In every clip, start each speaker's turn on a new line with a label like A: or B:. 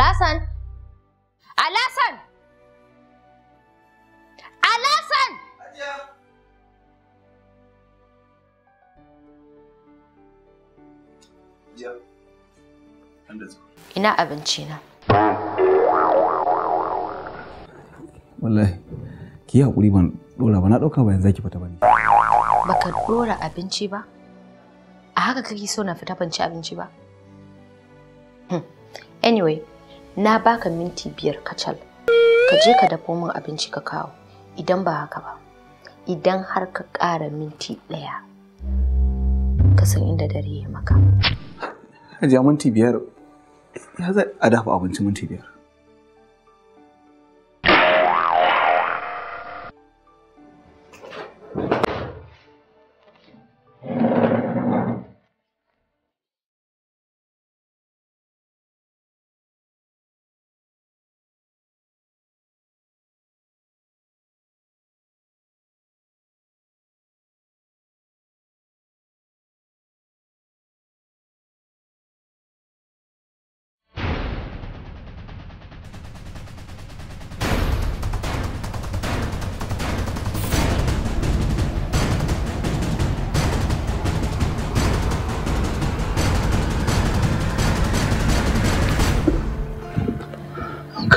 A: Alasan! Alasan! Alasan! Ina abinci na. Wallahi, ki yi haƙuri ban ɗora ba, na ɗauka yanzu zaki fita ba ne. Baka ɗora abinci ba? A haka kake so na fita ban ci abinci ba? Hmm. Anyway, na baka minti biyar kacal ka je ka dafo min abinci ka kawo idan ba haka ba idan har ka ƙara minti ɗaya ka san inda dare ya maka. Hajiya minti biyar ya zai a dafa abinci minti biyar.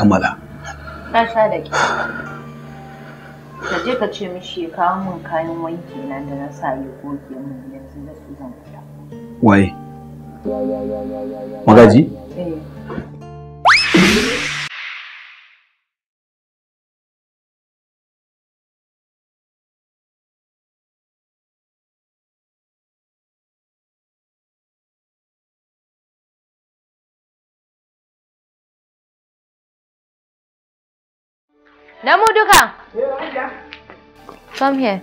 A: kammala na sha da ka je ka ce mishi ya kawo min kayan wanki na da na sa ya goge min yanzu da su zan fita waye magaji eh duka. Eh, Come here.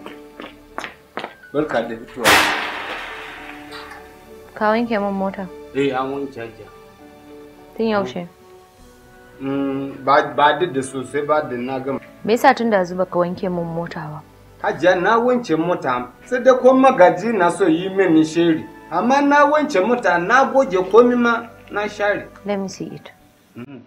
A: Barka da fitowa. Ka wanke min mota. Eh, an wanke hajiya. Tun yaushe? Mm, ba ba da sosai ba da na gama. Me yasa tun da zuba ka wanke min mota ba? Hajiya na wanke mota sai da ko magaji na so yi min shiri. Amma na wanke mota na goge komi ma na share. Let me see it. Mm -hmm.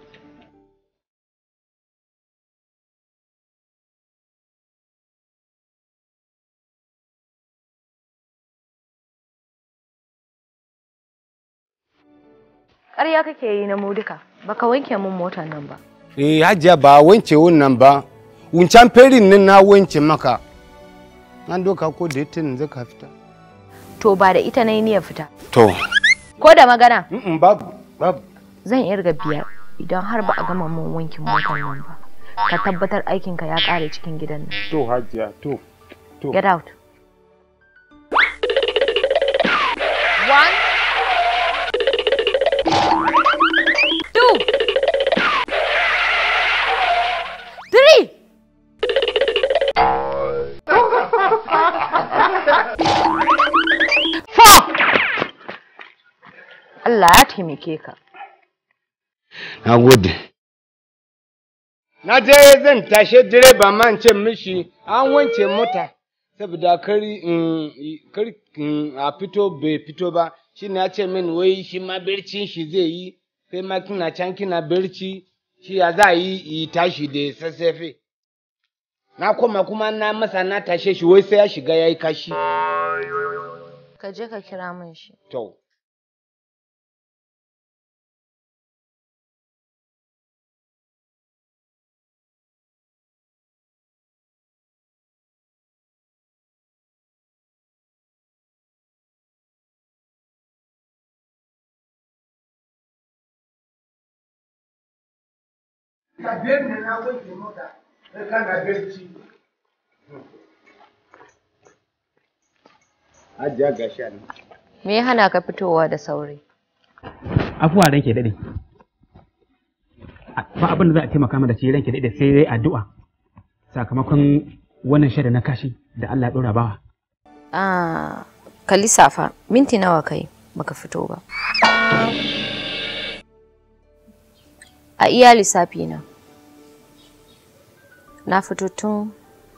A: ƙarya kake yi na mu baka wanke mun motar nan ba eh hajiya ba wanke wannan ba wancan ferin nan na wanke maka an doka ko da ita yanzu ka fita to ba da ita na yi niyyar fita to ko da magana mm babu babu zan irga biyar idan har ba a gama mun wankin motar nan ba ka tabbatar aikinka ya ƙare cikin gidan nan to hajiya to to get out taimake ka na gode na zan tashe direba man ce mishi an wance mota saboda kari in a fito bai fito ba shi na ce min wai shi ma bircin shi zai yi sai ma kina can kina birci shi ya za yi yi tashi da sassafe na koma kuma na masa na tashe shi wai sai ya shiga ya yi kashi ka je ka kira min shi to biyar na mota, ne. Me ya hana ka fitowa da sauri? Afuwa ranke daɗe. Ba abin da za a taimaka mana da shi ranke daɗe sai dai addu'a sakamakon wannan shaida na kashi da Allah ya ɗora bawa. Ah, ka lissafa minti nawa kai baka fito ba. a iya lissafi na na fito tun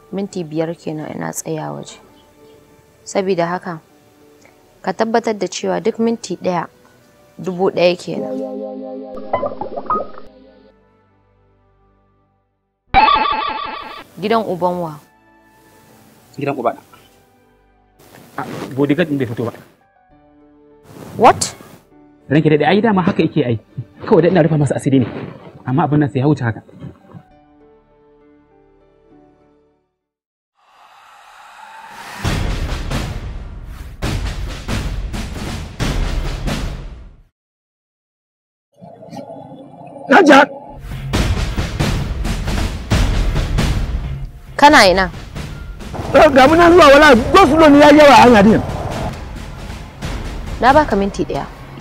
A: minti biyar kenan ina tsaya waje saboda haka ka tabbatar da cewa duk minti ɗaya dubu ɗaya kenan gidan ubanwa gidan ubana ah, bodyguard din bai fito ba what ranke da ai dama haka yake ai kawai da ina rufa masa asiri ne amma abin nan sai ya wuce haka Naja! Kana ina? Eh, ga muna zuwa wala gosulo ne ya yawa hanya din. Na baka minti ɗaya.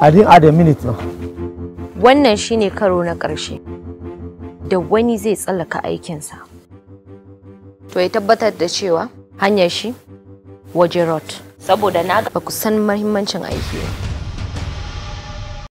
A: I didn't add a minute now. Wannan shine karo na ƙarshe da wani zai tsallaka aikinsa. To ya tabbatar da cewa hanyar shi waje rot. Saboda na ba ku san mahimmancin aiki ba.